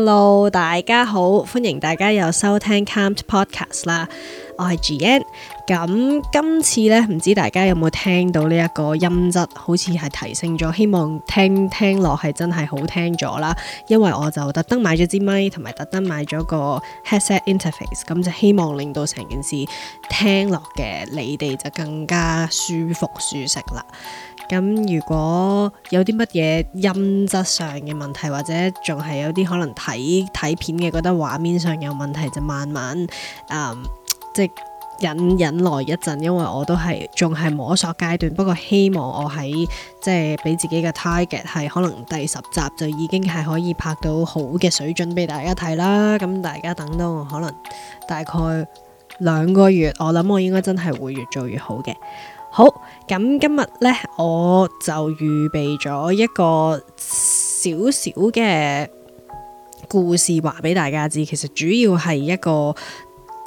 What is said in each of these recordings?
Hello，大家好，歡迎大家又收聽 Camped Podcast 啦，我係 G N。咁今次咧，唔知大家有冇聽到呢一個音質，好似係提升咗，希望聽聽落係真係好聽咗啦。因為我就特登買咗支咪同埋特登買咗個 headset interface，咁就希望令到成件事聽落嘅你哋就更加舒服舒適啦。咁如果有啲乜嘢音質上嘅問題，或者仲係有啲可能睇睇片嘅覺得畫面上有問題，就慢慢誒、嗯、即係忍忍耐一陣，因為我都係仲係摸索階段。不過希望我喺即係俾自己嘅 target 係可能第十集就已經係可以拍到好嘅水準俾大家睇啦。咁大家等到我可能大概兩個月，我諗我應該真係會越做越好嘅。好，咁今日呢，我就預備咗一個小小嘅故事話俾大家知。其實主要係一個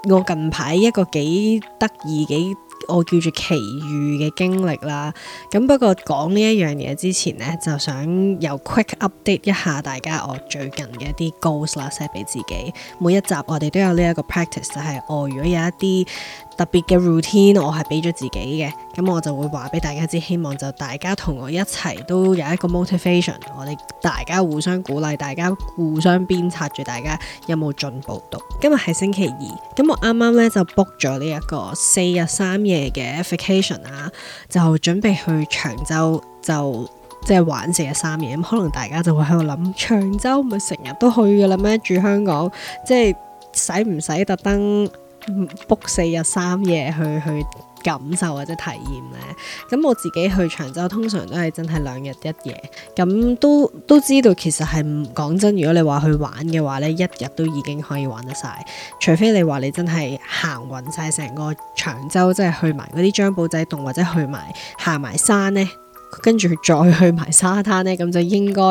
我近排一個幾得意、幾我叫做奇遇嘅經歷啦。咁不過講呢一樣嘢之前呢，就想又 quick update 一下大家我最近嘅一啲 goals 啦 set 俾自己。每一集我哋都有呢一個 practice，就係我如果有一啲。特別嘅 routine 我係俾咗自己嘅，咁我就會話俾大家知，希望就大家同我一齊都有一個 motivation，我哋大家互相鼓勵，大家互相鞭策住，大家有冇進步到。今日係星期二，咁我啱啱咧就 book 咗呢一個四日三夜嘅 vacation 啊，就準備去長洲就即係、就是、玩四日三夜。咁、嗯、可能大家就會喺度諗，長洲唔係成日都去嘅啦咩？住香港即係使唔使特登？用 book 四日三夜去去感受或者體驗咧，咁我自己去長洲通常都係真係兩日一夜，咁都都知道其實係唔講真，如果你話去玩嘅話呢一日都已經可以玩得晒，除非你話你真係行勻晒成個長洲，即係去埋嗰啲張保仔洞或者去埋行埋山呢，跟住再去埋沙灘呢，咁就應該。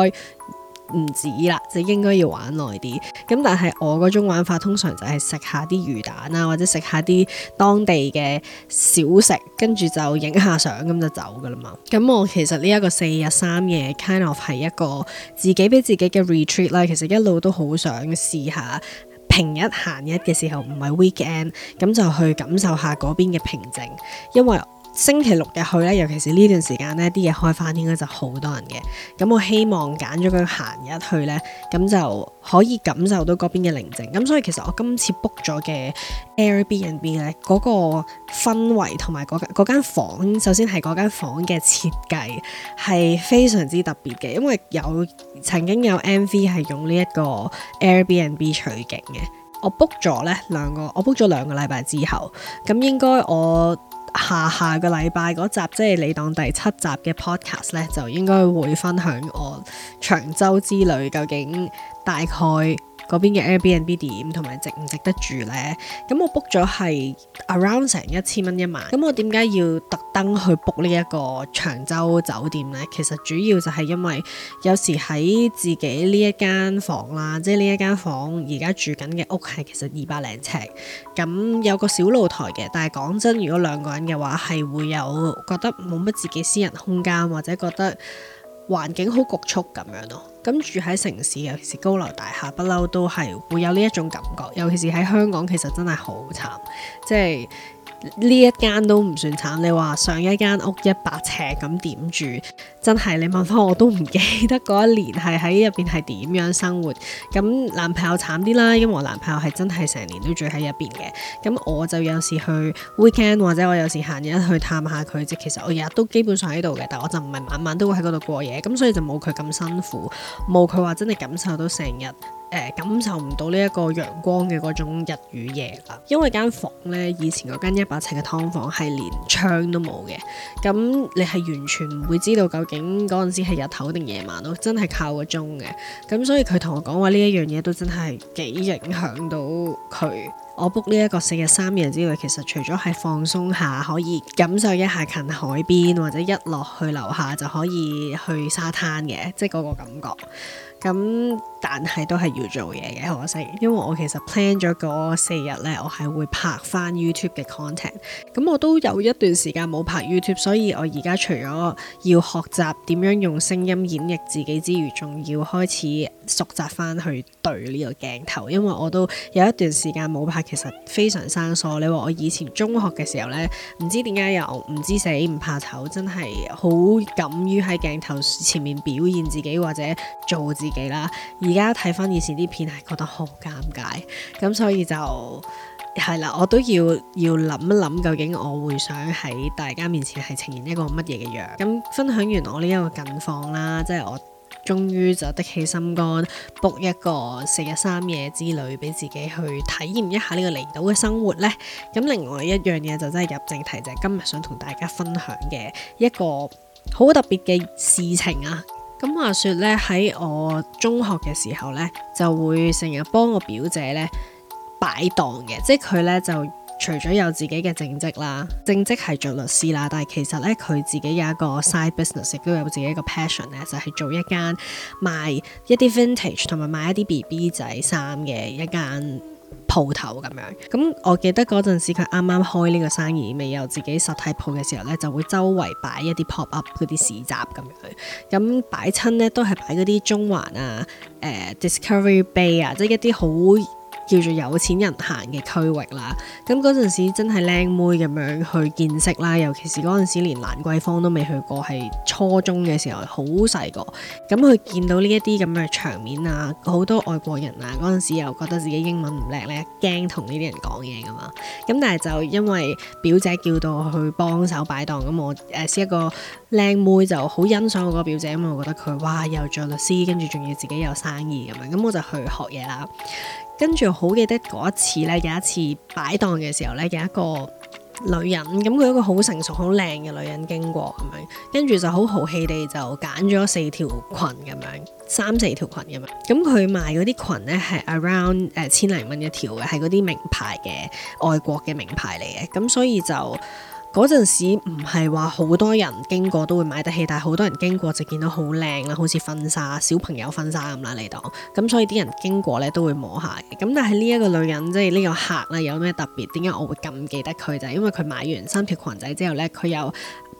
唔止啦，就應該要玩耐啲。咁但係我嗰種玩法通常就係食下啲魚蛋啊，或者食下啲當地嘅小食，跟住就影下相，咁就走噶啦嘛。咁我其實呢一個四日三夜，kind of 係一個自己俾自己嘅 retreat 啦。其實一路都好想試下平日閒日嘅時候，唔係 weekend，咁就去感受下嗰邊嘅平靜，因為，星期六日去咧，尤其是呢段時間呢啲嘢開返應該就好多人嘅。咁我希望揀咗個閑日去呢，咁就可以感受到嗰邊嘅寧靜。咁所以其實我今次 book 咗嘅 Airbnb 咧，嗰、嗰個氛圍同埋嗰間房，首先係嗰間房嘅設計係非常之特別嘅，因為有曾經有 MV 係用呢一個 Airbnb 取景嘅。我 book 咗呢兩個，我 book 咗兩個禮拜之後，咁應該我。下下個禮拜嗰集，即係你當第七集嘅 podcast 咧，就應該會分享我長洲之旅究竟大概。嗰邊嘅 Airbnb 點同埋值唔值得住呢？咁我 book 咗係 around 成一千蚊一晚。咁我點解要特登去 book 呢一個長洲酒店呢？其實主要就係因為有時喺自己呢一間房啦，即係呢一間房而家住緊嘅屋係其實二百零尺，咁有個小露台嘅。但係講真，如果兩個人嘅話，係會有覺得冇乜自己私人空間，或者覺得。環境好局促咁樣咯，咁住喺城市尤其是高樓大廈，不嬲都係會有呢一種感覺，尤其是喺香港，其實真係好慘，即係。呢一間都唔算慘，你話上一間屋一百尺咁點住，真係你問翻我，我都唔記得嗰一年係喺入邊係點樣生活。咁男朋友慘啲啦，因為我男朋友係真係成年都住喺入邊嘅，咁我就有時去 weekend 或者我有時閒日去探下佢啫。其實我日日都基本上喺度嘅，但我就唔係晚晚都會喺嗰度過夜，咁所以就冇佢咁辛苦，冇佢話真係感受到成日。感受唔到呢一個陽光嘅嗰種日與夜啦，因為間房呢，以前嗰間一百尺嘅劏房係連窗都冇嘅，咁你係完全唔會知道究竟嗰陣時係日頭定夜晚咯，真係靠個鐘嘅。咁所以佢同我講話呢一樣嘢都真係幾影響到佢。我 book 呢一個四日三夜之類，其實除咗係放鬆下，可以感受一下近海邊，或者一落去樓下就可以去沙灘嘅，即係嗰個感覺。咁但係都係要做嘢嘅，可惜。因為我其實 plan 咗嗰四日呢，我係會拍翻 YouTube 嘅 content。咁我都有一段時間冇拍 YouTube，所以我而家除咗要學習點樣用聲音演繹自己之餘，仲要開始。熟習翻去對呢個鏡頭，因為我都有一段時間冇拍，其實非常生疏。你話我以前中學嘅時候呢，唔知點解又唔知死唔怕醜，真係好敢於喺鏡頭前面表現自己或者做自己啦。而家睇翻以前啲片，係覺得好尷尬，咁所以就係啦，我都要要諗一諗究竟我會想喺大家面前係呈現一個乜嘢嘅樣。咁分享完我呢一個近況啦，即係我。終於就得起心肝，book 一個四日三夜之旅俾自己去體驗一下呢個離島嘅生活呢。咁另外一樣嘢就真係入正題，就係今日想同大家分享嘅一個好特別嘅事情啊。咁話說呢，喺我中學嘅時候呢，就會成日幫我表姐呢擺檔嘅，即係佢呢就。除咗有自己嘅正職啦，正職係做律師啦，但係其實咧佢自己有一個 side business 亦都有自己一個 passion 咧，就係做一間賣一啲 vintage 同埋賣一啲 BB 仔衫嘅一間鋪頭咁樣。咁我記得嗰陣時佢啱啱開呢個生意未有自己實體鋪嘅時候咧，就會周圍擺一啲 pop up 嗰啲市集咁樣。咁擺親咧都係擺嗰啲中環啊、誒、呃、Discovery Bay 啊，即係一啲好。叫做有錢人行嘅區域啦，咁嗰陣時真係靚妹咁樣去見識啦，尤其是嗰陣時連蘭桂坊都未去過，係初中嘅時候好細個，咁佢見到呢一啲咁嘅場面啊，好多外國人啊，嗰陣時又覺得自己英文唔叻咧，驚同呢啲人講嘢噶嘛，咁但係就因為表姐叫到我去幫手擺檔，咁我誒、呃、一個靚妹，就好欣賞我個表姐，因為我覺得佢哇又做律師，跟住仲要自己有生意咁樣，咁我就去學嘢啦。跟住好記得嗰一次咧，有一次擺檔嘅時候咧，有一個女人，咁佢一個好成熟、好靚嘅女人經過咁樣，跟住就好豪氣地就揀咗四條裙咁樣，三四條裙咁樣，咁佢賣嗰啲裙咧係 around 誒、呃、千零蚊一條嘅，係嗰啲名牌嘅外國嘅名牌嚟嘅，咁所以就。嗰陣時唔係話好多人經過都會買得起，但係好多人經過就見到好靚啦，好似婚紗、小朋友婚紗咁啦你當，咁所以啲人經過咧都會摸下。咁但係呢一個女人即係呢個客咧有咩特別？點解我會咁記得佢就係因為佢買完三條裙仔之後咧，佢又……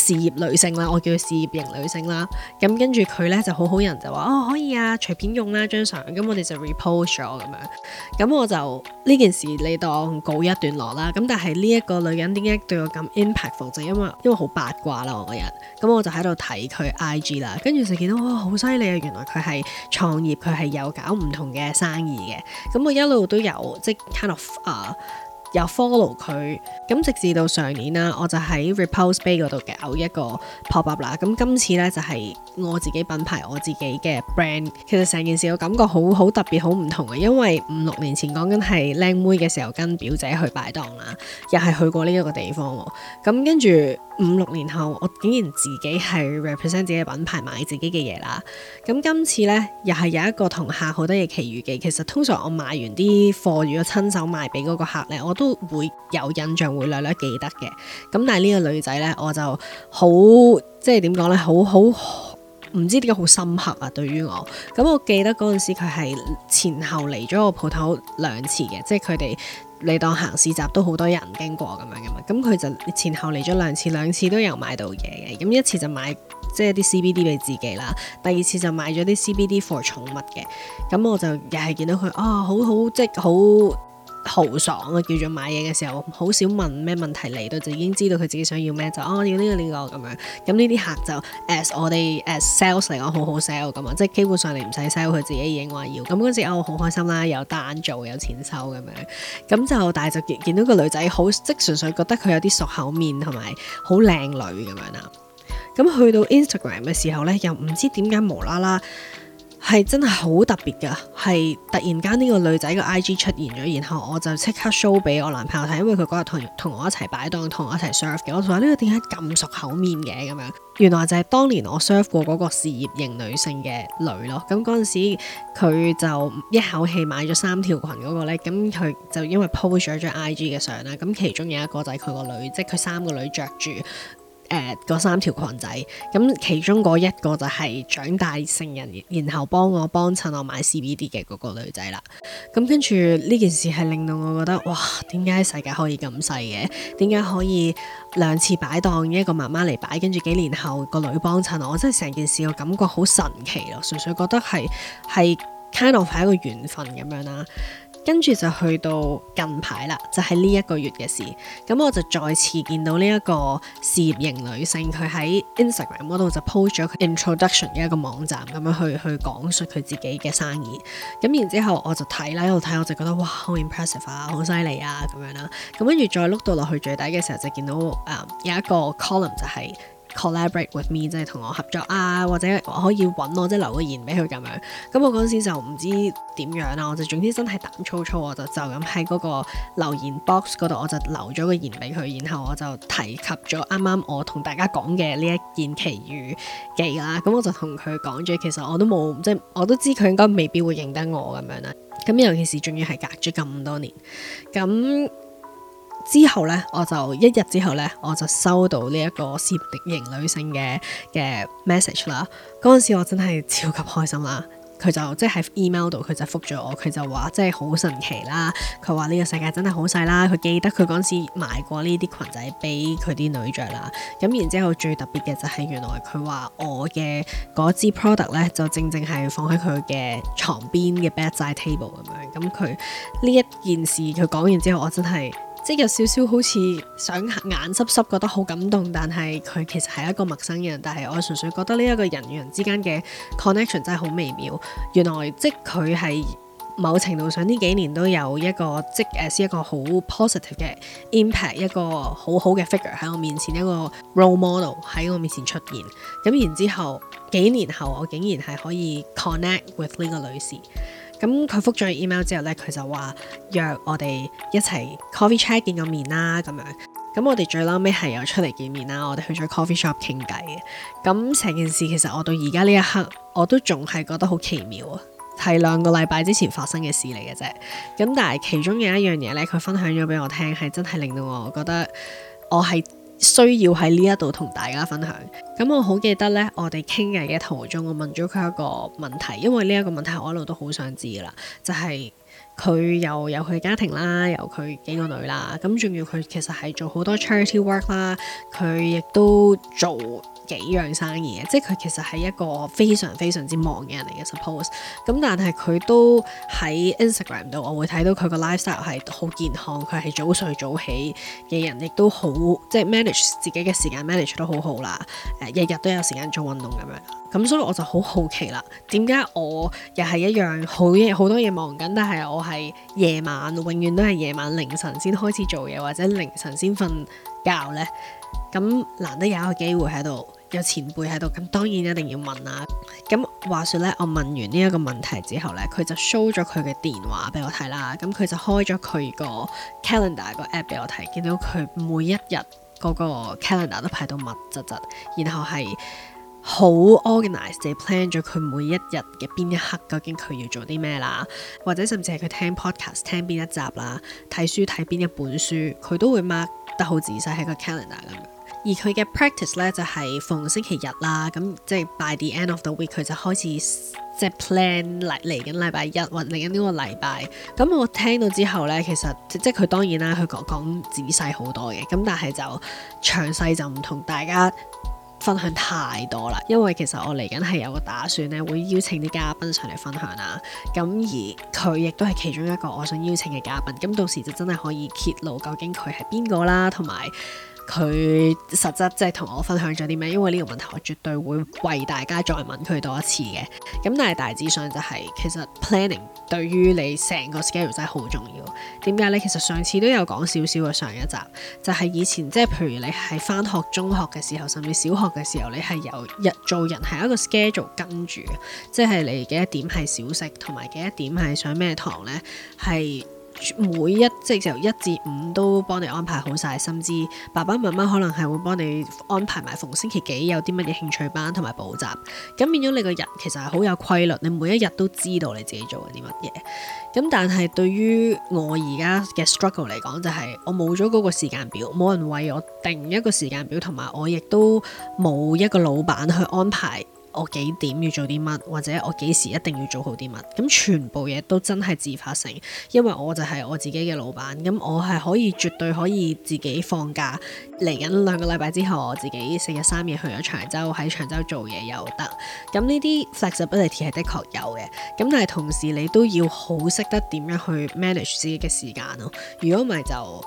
事業女性啦，我叫佢事業型女性啦，咁跟住佢咧就好好人，就話，哦，可以啊，隨便用啦張相，咁我哋就 repost 咗咁樣，咁、嗯、我就呢件事你當告一段落啦，咁但係呢一個女人點解對我咁 impactful 就因為因為好八卦啦我個人，咁我就喺度睇佢 IG 啦，跟住就見到哇好犀利啊！原來佢係創業，佢係有搞唔同嘅生意嘅，咁、嗯、我一路都有即係睇到啊。Kind of, uh, 又 follow 佢，咁直至到上年啦，我就喺 Repulse Bay 嗰度搞一個 pop up 啦。咁今次咧就係、是、我自己品牌，我自己嘅 brand。其實成件事我感覺好好特別好唔同嘅，因為五六年前講緊係靚妹嘅時候，跟表姐去擺檔啦，又係去過呢一個地方喎。咁跟住。五六年後，我竟然自己係 represent 自己品牌買自己嘅嘢啦。咁今次呢，又係有一個同客好多嘢奇遇嘅。其實通常我買完啲貨，如果親手賣俾嗰個客呢，我都會有印象，會略略記得嘅。咁但係呢個女仔呢，我就好，即係點講呢？好好，唔知點解好深刻啊。對於我，咁我記得嗰陣時佢係前後嚟咗我鋪頭兩次嘅，即係佢哋。你當行市集都好多人經過咁樣嘅嘛，咁佢就前後嚟咗兩次，兩次都有買到嘢嘅，咁一次就買即係啲 CBD 俾自己啦，第二次就買咗啲 CBD for 寵物嘅，咁我就又係見到佢啊、哦，好好即係好豪爽啊，叫做買嘢嘅時候，好少問咩問題，嚟到就已經知道佢自己想要咩，就哦要呢個呢個咁樣，咁呢啲客就 as 我哋 as sales 嚟講好好 sell 咁啊，即係基本上你唔使 sell，佢自己已經話要，咁嗰陣時我好開心啦，有單做有錢收咁樣，咁就但係就見見到個女仔好即係純粹覺得佢有啲熟口面同埋好靚女咁樣啦，咁去到 Instagram 嘅時候咧，又唔知點解無啦啦。係真係好特別噶係突然間呢個女仔個 IG 出現咗，然後我就即刻 show 俾我男朋友睇，因為佢嗰日同同我一齊擺檔，同我一齊 share 嘅。我話呢個點解咁熟口面嘅咁樣？原來就係當年我 serve 過嗰個事業型女性嘅女咯。咁嗰陣時佢就一口氣買咗三條裙嗰個呢，咁佢就因為 post 咗張 IG 嘅相啦，咁其中有一個就係佢個女，即係佢三個女着住嗰三條裙仔，咁其中嗰一個就係長大成人，然後幫我幫襯我買 CBD 嘅嗰個女仔啦。咁跟住呢件事係令到我覺得哇，點解世界可以咁細嘅？點解可以兩次擺檔，一個媽媽嚟擺，跟住幾年後個女幫襯我，我真係成件事我感覺好神奇咯。純粹覺得係係 kind of 係一個緣分咁樣啦。跟住就去到近排啦，就係呢一個月嘅事。咁我就再次見到呢一個事業型女性，佢喺 Instagram 嗰度就 post 咗佢 introduction 嘅一個網站咁樣去去講述佢自己嘅生意。咁然之後我就睇啦，一度睇我就覺得哇，好 impressive 啊，好犀利啊咁樣啦。咁跟住再碌到落去最底嘅時候，就見到誒、um，有一個 column 就係、是。collaborate with me 即係同我合作啊，或者我可以揾我即係、就是、留個言俾佢咁樣。咁我嗰陣時就唔知點樣啦，我就總之真係膽粗粗，我就就咁喺嗰個留言 box 嗰度，我就留咗個言俾佢。然後我就提及咗啱啱我同大家講嘅呢一件奇遇記啦。咁我就同佢講咗，其實我都冇即係我都知佢應該未必會認得我咁樣啦。咁尤其是仲要係隔咗咁多年，咁。之後呢，我就一日之後呢，我就收到呢一個攝影型女性嘅嘅 message 啦。嗰陣時我真係超級開心啦！佢就即係喺 email 度，佢就覆咗我，佢就話即係好神奇啦。佢話呢個世界真係好細啦。佢記得佢嗰陣時買過呢啲裙仔俾佢啲女着啦。咁然之後最特別嘅就係原來佢話我嘅嗰支 product 呢，就正正係放喺佢嘅床邊嘅 bedside table 咁樣。咁佢呢一件事佢講完之後，我真係～即有少少好似想眼濕濕，覺得好感動，但係佢其實係一個陌生嘅人，但係我純粹覺得呢一個人與人之間嘅 connection 真係好微妙。原來即佢係某程度上呢幾年都有一個即誒一個好 positive 嘅 impact，一個好好嘅 figure 喺我面前，一個 role model 喺我面前出現。咁然之後幾年後，我竟然係可以 connect with 呢個女士。咁佢覆咗 email 之後呢，佢就話約我哋一齊 coffee chat 見個面啦咁樣。咁我哋最孻尾係有出嚟見面啦，我哋去咗 coffee shop 傾偈嘅。咁成件事其實我到而家呢一刻，我都仲係覺得好奇妙啊，係兩個禮拜之前發生嘅事嚟嘅啫。咁但係其中有一樣嘢呢，佢分享咗俾我聽，係真係令到我覺得我係。需要喺呢一度同大家分享。咁我好記得呢，我哋傾偈嘅途中，我問咗佢一個問題，因為呢一個問題我一路都好想知噶啦，就係佢又有佢家庭啦，有佢幾個女啦，咁仲要佢其實係做好多 charity work 啦，佢亦都做。幾樣生意嘅，即係佢其實係一個非常非常之忙嘅人嚟嘅。Suppose 咁，但係佢都喺 Instagram 度，我會睇到佢個 lifestyle 係好健康，佢係早睡早起嘅人，亦都好即係 manage 自己嘅時間，manage 得好好啦。呃，日日都有時間做運動咁樣。咁所以我就好好奇啦，點解我又係一樣好嘢，好多嘢忙緊，但係我係夜晚，永遠都係夜晚凌晨先開始做嘢，或者凌晨先瞓覺呢？咁難得有一個機會喺度。有前輩喺度，咁當然一定要問啦。咁話説咧，我問完呢一個問題之後咧，佢就 show 咗佢嘅電話俾我睇啦。咁佢就開咗佢個 calendar 個 app 俾我睇，見到佢每一日嗰個 calendar 都排到密窒窒，然後係好 organized，即係 plan 咗佢每一日嘅邊一刻，究竟佢要做啲咩啦？或者甚至係佢聽 podcast 聽邊一集啦，睇書睇邊一本書，佢都會 mark 得好仔細喺個 calendar 咁樣。而佢嘅 practice 咧就係逢星期日啦，咁即係 by the end of the week 佢就開始即係 plan 嚟嚟緊禮拜一或嚟緊呢個禮拜。咁我聽到之後咧，其實即係佢當然啦，佢講講仔細好多嘅，咁但係就詳細就唔同大家分享太多啦，因為其實我嚟緊係有個打算咧，會邀請啲嘉賓上嚟分享啦。咁而佢亦都係其中一個我想邀請嘅嘉賓，咁到時就真係可以揭露究竟佢係邊個啦，同埋。佢實質即係同我分享咗啲咩？因為呢個問題我絕對會為大家再問佢多一次嘅。咁但係大致上就係、是、其實 planning 對於你成個 schedule 真係好重要。點解呢？其實上次都有講少少嘅上一集，就係、是、以前即係譬如你係返學、中學嘅時候，甚至小學嘅時候，你係有日做人係一個 schedule 跟住，即係你幾多點係小食，同埋幾多點係上咩堂呢？係。每一即係由一至五都幫你安排好晒，甚至爸爸媽媽可能係會幫你安排埋逢星期幾有啲乜嘢興趣班同埋補習，咁變咗你個人其實係好有規律，你每一日都知道你自己做緊啲乜嘢。咁但係對於我而家嘅 struggle 嚟講，就係我冇咗嗰個時間表，冇人為我定一個時間表，同埋我亦都冇一個老闆去安排。我幾點要做啲乜，或者我幾時一定要做好啲乜，咁全部嘢都真係自發性，因為我就係我自己嘅老闆，咁我係可以絕對可以自己放假。嚟緊兩個禮拜之後，我自己四日三夜去咗長洲，喺長洲做嘢又得，咁呢啲 flexibility 係的確有嘅，咁但係同時你都要好識得點樣去 manage 自己嘅時間囉，如果唔係就。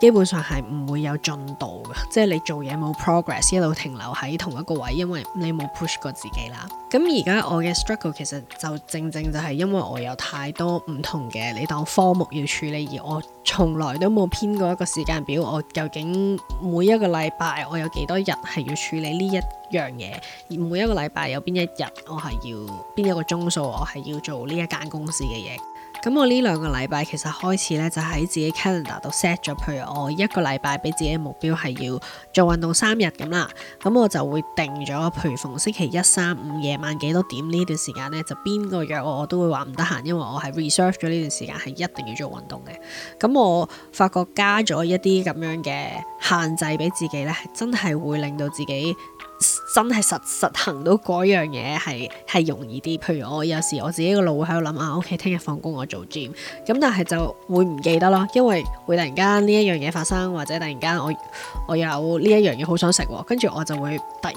基本上係唔會有進度嘅，即係你做嘢冇 progress，一路停留喺同一個位，因為你冇 push 過自己啦。咁而家我嘅 struggle 其實就正正就係因為我有太多唔同嘅你當科目要處理，而我從來都冇編過一個時間表。我究竟每一個禮拜我有幾多日係要處理呢一樣嘢？而每一個禮拜有邊一日我係要邊一個鐘數？我係要做呢一間公司嘅嘢。咁我呢兩個禮拜其實開始咧，就喺自己 calendar 度 set 咗，譬如我一個禮拜俾自己目標係要做運動三日咁啦。咁我就會定咗，譬如逢星期一、三、五夜晚幾多點呢段時間咧，就邊個約我我都會話唔得閒，因為我係 reserve 咗呢段時間係一定要做運動嘅。咁我發覺加咗一啲咁樣嘅限制俾自己咧，真係會令到自己。真係實實行到嗰樣嘢係，係容易啲，譬如我有時我自己個腦喺度諗啊，OK，聽日放工我做 gym，咁但係就會唔記得囉，因為會突然間呢一樣嘢發生，或者突然間我我有呢一樣嘢好想食，跟住我就會突然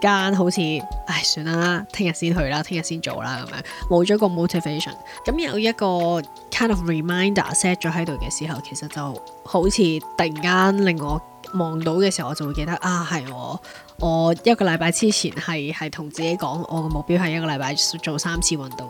間好似唉算啦，聽日先去啦，聽日先做啦咁樣，冇咗個 motivation。咁有一個 kind of reminder set 咗喺度嘅時候，其實就好似突然間令我。望到嘅時候，我就會記得啊，係我我一個禮拜之前係係同自己講，我嘅目標係一個禮拜做三次運動。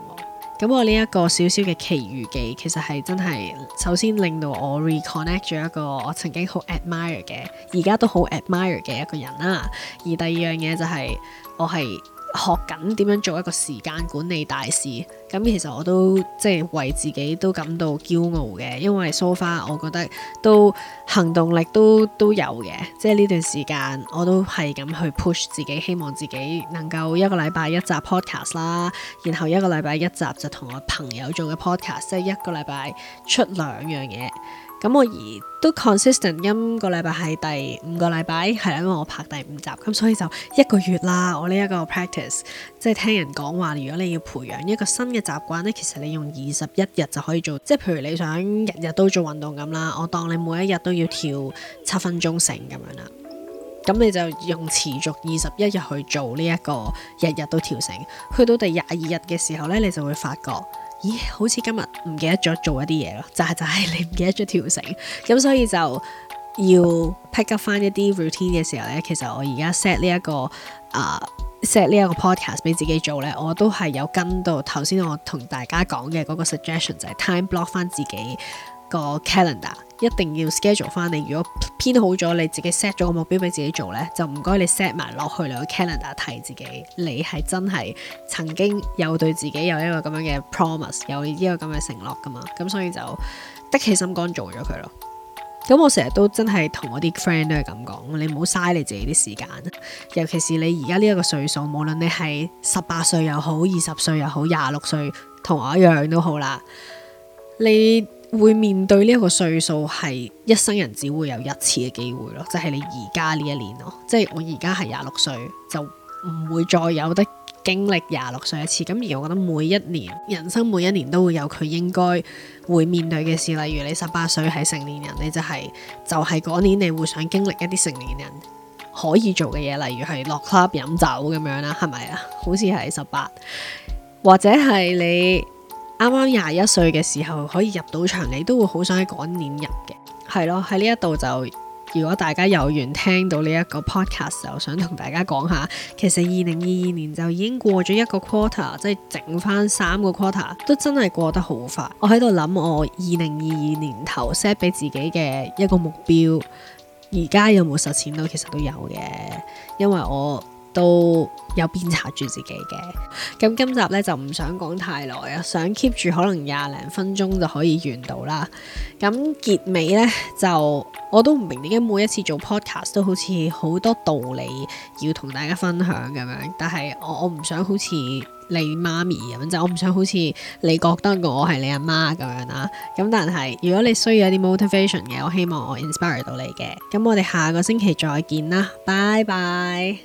咁我呢一個小小嘅奇遇記，其實係真係首先令到我 reconnect 咗一個我曾經好 admire 嘅，而家都好 admire 嘅一個人啦、啊。而第二樣嘢就係、係、我係。學緊點樣做一個時間管理大師，咁其實我都即係為自己都感到驕傲嘅，因為 so far 我覺得都行動力都都有嘅，即係呢段時間我都係咁去 push 自己，希望自己能夠一個禮拜一集 podcast 啦，然後一個禮拜一集就同我朋友做嘅 podcast，即係一個禮拜出兩樣嘢。咁我而都 consistent，今、嗯，今個禮拜係第五個禮拜，係啦，因為我拍第五集，咁所以就一個月啦。我呢一個 practice，即係聽人講話，如果你要培養一個新嘅習慣呢，其實你用二十一日就可以做。即係譬如你想日日都做運動咁啦，我當你每一日都要跳七分鐘繩咁樣啦，咁你就用持續二十一日去做呢、這、一個日日都跳繩。去到第廿二日嘅時候呢，你就會發覺。咦，好似今日唔記得咗做一啲嘢咯，就係、係、就係你唔記得咗跳繩，咁 所以就要 pick up 翻一啲 routine 嘅時候呢。其實我而家 set 呢、呢、一個啊、uh, set 呢一個 podcast 俾自己做呢，我都係有跟到頭先我同大家講嘅嗰個 suggestion，就係 time block 翻自己。個 calendar 一定要 schedule 翻你。如果編好咗，你自己 set 咗個目標俾自己做呢，就唔該你 set 埋落去你個 calendar 提自己。你係真係曾經有對自己有一個咁樣嘅 promise，有呢個咁嘅承諾噶嘛咁所以就得起心肝做咗佢咯。咁我成日都真係同我啲 friend 都係咁講，你唔好嘥你自己啲時間。尤其是你而家呢一個歲數，無論你係十八歲又好，二十歲又好，廿六歲同我一樣都好啦，你。會面對呢一個歲數係一生人只會有一次嘅機會咯，即係你而家呢一年咯，即係我而家係廿六歲就唔會再有得經歷廿六歲一次。咁而我覺得每一年人生每一年都會有佢應該會面對嘅事，例如你十八歲係成年人，你就係、就係嗰年你會想經歷一啲成年人可以做嘅嘢，例如係落 club 飲酒咁樣啦，係咪啊？好似係十八，或者係你。啱啱廿一歲嘅時候可以入到場，你都會好想喺嗰年入嘅，係咯。喺呢一度就，如果大家有緣聽到呢一個 podcast，就想同大家講下，其實二零二二年就已經過咗一個 quarter，即係整翻三個 quarter，都真係過得好快。我喺度諗我二零二二年頭 set 俾自己嘅一個目標，而家有冇實踐到？其實都有嘅，因為我。都有鞭策住自己嘅。咁今集咧就唔想講太耐啊，想 keep 住可能廿零分鐘就可以完到啦。咁結尾咧就我都唔明點解每一次做 podcast 都好似好多道理要同大家分享咁樣，但係我我唔想好似你媽咪咁樣，就我唔想好似你覺得我係你阿媽咁樣啦。咁但係如果你需要一啲 motivation 嘅，我希望我 inspire 到你嘅。咁我哋下個星期再見啦，拜拜。